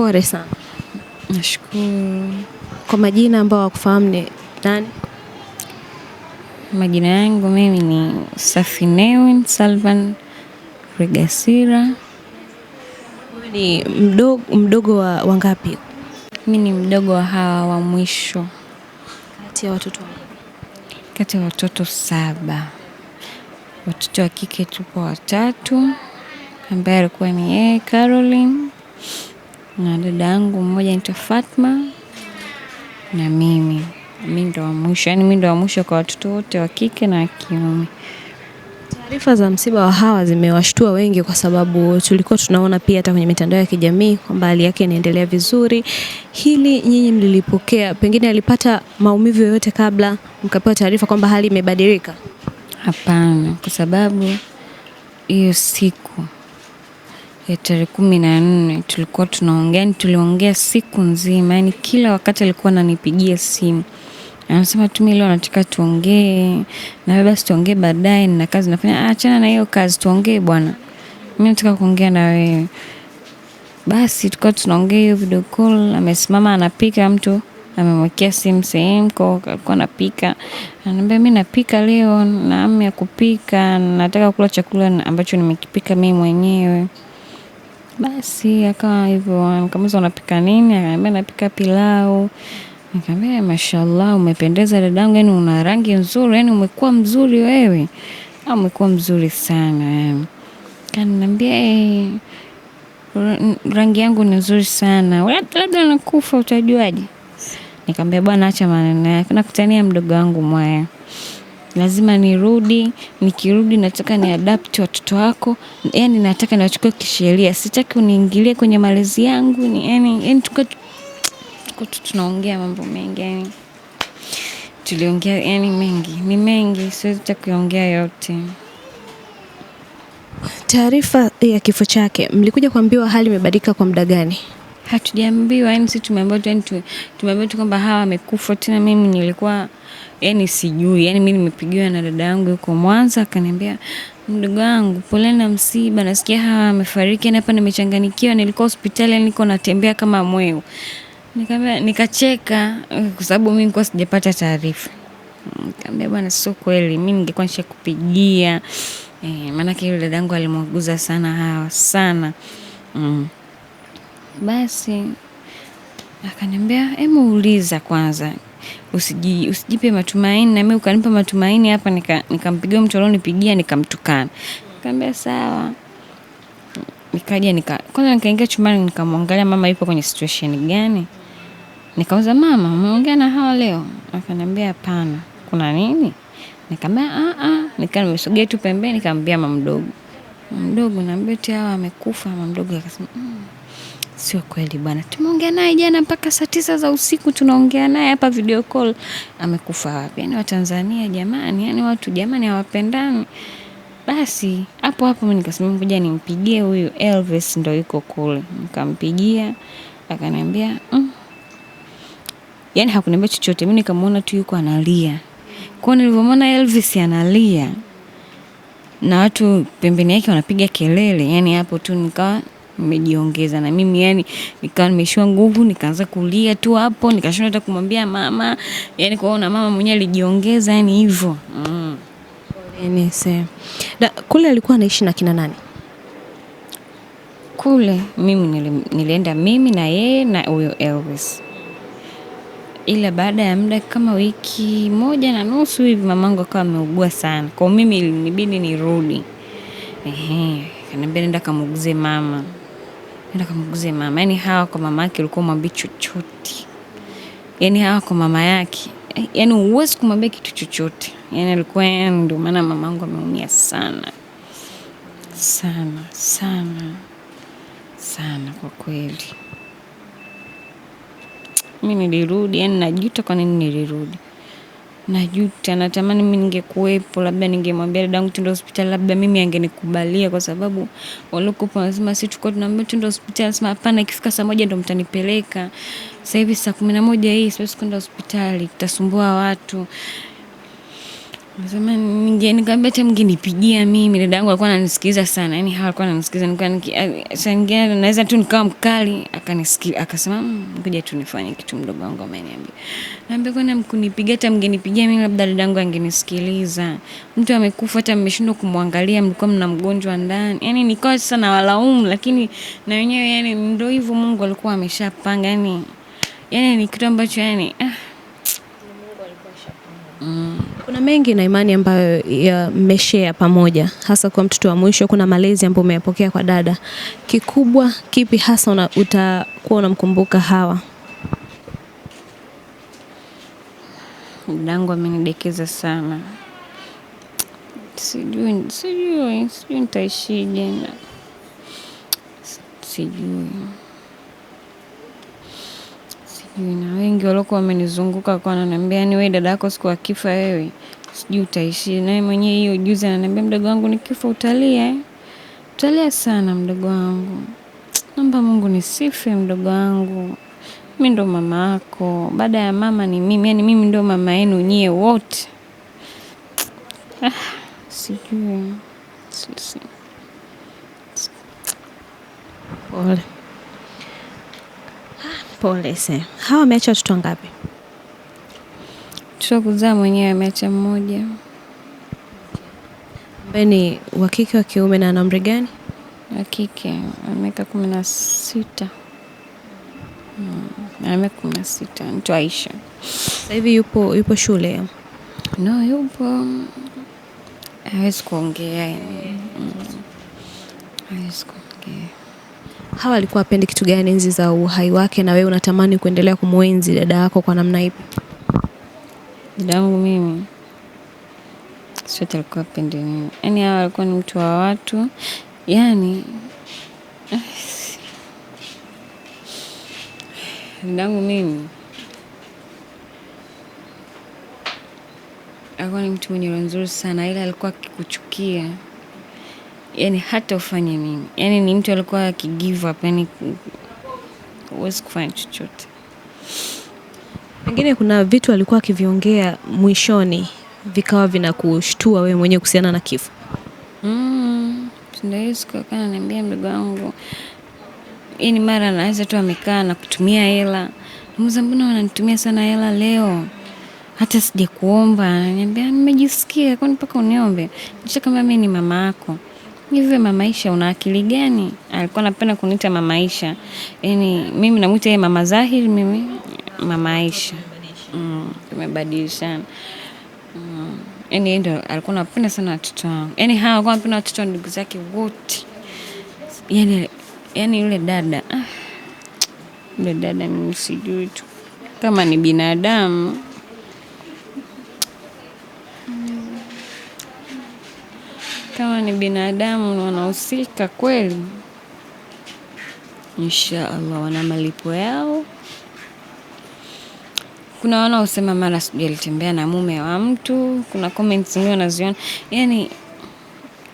Pole sana. Nashukuru. Kwa majina ambao wakufahamu ni nani? Majina yangu mimi ni Newin Salvan Regasira. Wewe ni mdogo, mdogo wa wangapi? Mimi ni mdogo wa hawa wa mwisho kati ya watoto kati ya watoto saba. Watoto wa kike tupo watatu, ambaye alikuwa ni yeye Caroline na dada yangu mmoja anaitwa Fatma na mimi mi ndo wa mwisho, yaani mi ndo wa mwisho kwa watoto wote wa kike na wa kiume. Taarifa za msiba wa Hawa zimewashtua wengi, kwa sababu tulikuwa tunaona pia hata kwenye mitandao ya kijamii kwamba hali yake inaendelea vizuri. Hili nyinyi mlilipokea? Pengine alipata maumivu yoyote kabla mkapewa taarifa kwamba hali imebadilika? Hapana, kwa sababu hiyo siku ya tarehe kumi na nne tulikuwa tunaongea, yani tuliongea siku nzima, yani kila wakati alikuwa ananipigia simu anasema Tumi, leo anataka tuongee na wewe basi, tuongee baadaye, nina kazi nafanya. Ah, achana na hiyo kazi, tuongee bwana, mimi nataka kuongea na wewe. Basi tukawa tunaongea hiyo video call, amesimama anapika, mtu amemwekea simu sehemu kwa alikuwa anapika, ananiambia mimi napika leo na hamu ya kupika, nataka kula chakula ambacho nimekipika mimi mwenyewe. Basi akawa hivyo, nikamuuliza unapika nini? Akaniambia napika pilau. Nikamwambia mashallah, umependeza dadangu, yani una rangi nzuri, yani umekuwa mzuri wewe, au ah, umekuwa mzuri sana. Kaniambia eh, rangi yangu ni nzuri sana, labda nakufa utajuaje? Nikamwambia bwana, acha maneno yako, nakutania mdogo wangu mwaya lazima nirudi, nikirudi nataka ni adapt watoto wako, yani nataka niwachukue kisheria, sitaki uniingilie kwenye malezi yangu. Ni yani yani tuko tu tunaongea mambo mengi yani tuliongea yani mengi ni mengi, siwezi ta kuongea yote. Taarifa ya kifo chake mlikuja kuambiwa hali imebadilika kwa muda gani? Hatujaambiwa yani, sisi tumeambiwa tu yani, tumeambiwa tu kwamba hawa wamekufa. Tena mimi nilikuwa yani sijui yani, mimi nimepigiwa na dada yangu yuko Mwanza, akaniambia mdogo wangu, pole na msiba, nasikia hawa wamefariki. yani hapa nimechanganyikiwa, nilikuwa hospitali, yani niko natembea kama mweu. Nikamwambia, nikacheka kwa sababu mimi nilikuwa sijapata taarifa. Nikamwambia bwana, sio kweli, mimi ningekuwa nishakupigia eh, maanake yule dadangu alimwaguza sana hawa sana mm. Basi akaniambia hebu uliza kwanza, usiji usijipe matumaini, na mimi ukanipa matumaini hapa, nikampigia nika mtu alionipigia nikamtukana. Nikamwambia sawa. Nikaja nika kwanza nikaingia chumbani nikamwangalia mama yupo kwenye situation gani. Nikauza mama, umeongea na hawa leo? Akaniambia hapana. Kuna nini? Nikamwambia a ah, a, ah. nikaa nimesogea tu pembeni nikamwambia mama mdogo. Mdogo naambia eti hawa amekufa. Mama mdogo akasema mm. Sio kweli bwana, tumeongea naye jana mpaka saa tisa za usiku, tunaongea naye hapa video call. Amekufa wapi? Yaani Watanzania jamani, yani watu jamani, hawapendani. Basi hapo hapo mimi nikasema ngoja nimpigie huyu Elvis, ndo yuko kule. Nikampigia akaniambia mm. Yani hakuniambia chochote, mimi nikamwona tu yuko analia. Kwa nilivyomwona Elvis analia na watu pembeni yake wanapiga kelele, yani hapo tu nikawa mmejiongeza na mimi yani, nikawa nimeishiwa nguvu, nikaanza kulia tu hapo, nikashindwa hata kumwambia mama, yani kwaona mama mwenyewe alijiongeza yani hivyo mm. Da, kule alikuwa anaishi na kina nani? Kule mimi nilienda mimi na yeye na huyo Elvis, ila baada ya muda kama wiki moja na nusu hivi mamangu akawa ameugua sana, kwa mimi ilinibidi nirudi. Ehe, kaniambia nenda kamuuguze mama nenda kamguze mama. Yani Hawa kwa mama yake ulikuwa umwambie chochote, yani Hawa kwa mama yake, yani huwezi kumwambia kitu chochote. Yani alikuwa yaani ndio maana mamangu ameumia sana sana sana sana kwa kweli. Mi nilirudi, yani najuta kwa nini nilirudi najuta, natamani mimi ningekuwepo, labda ningemwambia dadangu tuende hospitali, labda mimi angenikubalia, kwa sababu waliokuwepo wanasema si tuko tunaambia tuende hospitali, nasema hapana, ikifika saa moja ndo mtanipeleka. Sasa hivi saa kumi na moja hii siwezi kwenda hospitali, tutasumbua watu. Nasema nije nikamwambia hata mngenipigia mimi, dada yangu alikuwa ananisikiliza sana, yani hawa alikuwa ananisikiliza, nilikuwa saa naweza tu nikawa mkali, akanisikia akasema, mm, ngoja tu nifanye kitu, mdogo wangu ameniambia. Naambia kwani mkunipigia, hata mngenipigia mimi, labda dada yangu angenisikiliza. Mtu amekufa, hata mmeshindwa kumwangalia, mlikuwa mna mgonjwa ndani. Yani nikawa sasa na walaumu, lakini na wenyewe yani ndio hivyo, Mungu alikuwa ameshapanga yani, yani ni kitu ambacho yani ah kuna mengi na imani ambayo mmeshare pamoja, hasa kwa mtoto wa mwisho. Kuna malezi ambayo umeyapokea kwa dada. Kikubwa kipi hasa una, utakuwa unamkumbuka Hawa? Dadangu amenidekeza sana, sijui sijui sijui nitaishije, sijui sijui, na wengi waliokuwa wamenizunguka kwa wananiambia, ni yaani wewe dada yako siku akifa wewe sijui utaishi naye mwenyewe. Hiyo juzi ananiambia mdogo wangu, nikifa utalia, eh? utalia sana mdogo wangu. Naomba Mungu nisife mdogo wangu, mi ndo mama yako, baada ya mama ni mimi, yani mimi ndo mama yenu nyie wote. Ah, sijui sisi pole ah, pole. Se hawa wameacha watoto wangapi? Tusha kuzaa mwenyewe ameacha mmoja ambaye ni wa kike wa kiume. Na ana umri gani? Wa kike ana miaka kumi na sita. Hmm, ana kumi na sita. Mtu Aisha. Sasa hivi yupo yupo shule? No, yupo hawezi kuongea yani. Hawezi kuongea. Hawa alikuwa apendi kitu gani enzi za uhai wake, na wewe unatamani kuendelea kumwenzi dada yako kwa namna ipi? Dadangu mimi sote alikuwa pendi nini, yaani hawa alikuwa ni mtu wa watu, yaani dadangu mimi alikuwa ni mtu mwenye roho nzuri sana, ila alikuwa akikuchukia yaani hata ufanye nini, yaani ni mtu alikuwa akigive up, yani huwezi kufanya chochote. Pengine kuna vitu alikuwa akiviongea mwishoni vikawa vinakushtua wewe mwenyewe kuhusiana na kifo? Mm, niambia mdogo wangu hii ni yaani mara anaweza tu amekaa na kutumia hela, namuza mbona wananitumia sana hela leo, hata sijakuomba. Ananiambia nimejisikia, kwani mpaka uniombe? Nisha kama mimi ni mama yako hivyo mamaisha, una akili gani? Alikuwa anapenda kuniita mamaisha, yani mimi namwita yeye mama Zahiri, mimi mamaisha tumebadilishana. Mm, mm, yani ndo alikuwa napenda sana watoto wangu, yani hawa alikuwa napenda watoto wa ndugu zake wote. Yani yani yule dada ah, yule dada mimi sijui tu kama ni binadamu kama ni binadamu wanahusika kweli. Insha Allah wana malipo yao kuna wanaosema mara sijui alitembea na mume wa mtu, kuna comments zingine naziona yani,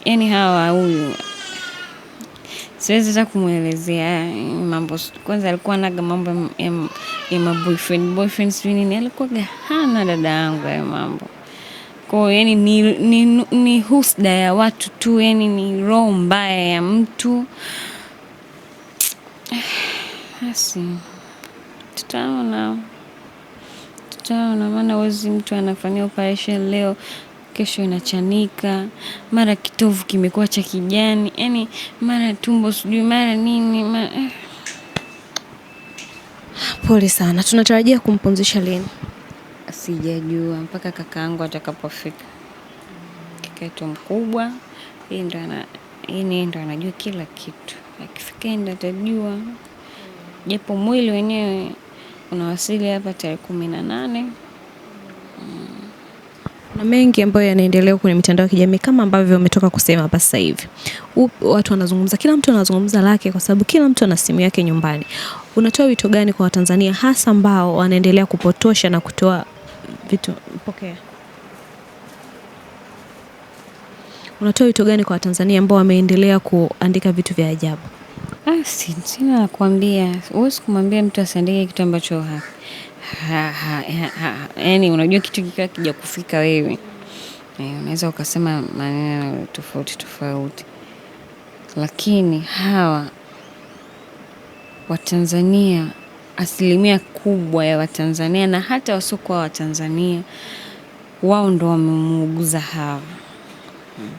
yani hawa huyu siwezi hata kumwelezea eh, mambo. Kwanza alikuwa naga mambo ya maboyfriend boyfriend sijui nini, alikuwa gahana dada yangu ya mambo kwa yani ni, ni, ni husda ya watu tu, yani ni roho mbaya ya mtu. Basi tutaona tano, maana huwezi mtu anafanyia operation leo kesho inachanika, mara kitovu kimekuwa cha kijani, yani mara tumbo sijui mara nini ma... Eh. Pole sana. Tunatarajia kumpumzisha lini? Sijajua mpaka kakaangu atakapofika. Kaka yetu mkubwa yeye ndo anajua kila kitu, akifika ndo atajua, japo mwili wenyewe unawasili hapa tarehe kumi na nane na mengi ambayo yanaendelea kwenye mitandao ya kijamii kama ambavyo umetoka kusema hapa sasa hivi. Watu wanazungumza, kila mtu anazungumza lake, kwa sababu kila mtu ana simu yake nyumbani. Unatoa wito gani kwa Watanzania hasa ambao wanaendelea kupotosha na kutoa vitu? Pokea. Unatoa wito gani kwa Watanzania ambao wameendelea kuandika vitu vya ajabu? Ah, sina la kuambia, huwezi kumwambia mtu asiandike kitu ambacho yaani unajua kitu kikiwa kufika wewe. Eh, unaweza ukasema maneno tofauti tofauti. Lakini hawa Watanzania, asilimia kubwa ya Watanzania na hata wasiokuwa Watanzania wao ndo wamemuuguza Hawa. Hmm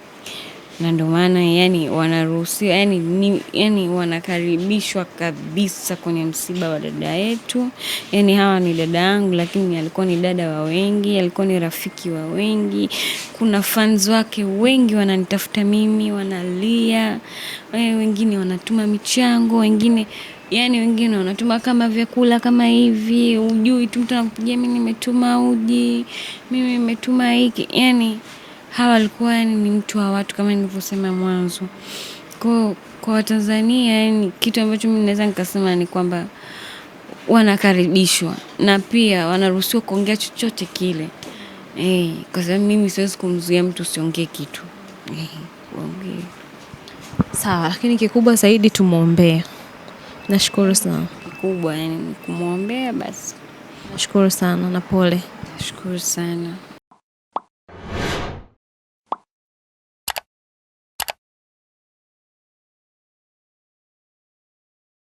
na ndio maana yani wanaruhusiwa yani, ni, yani wanakaribishwa kabisa kwenye msiba wa dada yetu. Yani hawa ni dada yangu, lakini alikuwa ni dada wa wengi, alikuwa ni rafiki wa wengi. Kuna fans wake wengi wananitafuta mimi, wanalia eh, wengine, wanatuma michango, wengine yani wengine wanatuma kama vyakula kama hivi, ujui tu mtu anakupigia, mimi nimetuma uji, mimi nimetuma hiki yani hawa walikuwa yani ni mtu wa watu kama nilivyosema mwanzo. Kwa kwa Watanzania yani, kitu ambacho mimi naweza nikasema ni kwamba wanakaribishwa na pia wanaruhusiwa kuongea chochote kile e, kwa sababu mimi siwezi kumzuia mtu usiongee kitu eh, waongee sawa, lakini kikubwa zaidi tumwombee. Nashukuru sana kikubwa yani kumwombea basi. Nashukuru sana na pole. Nashukuru sana.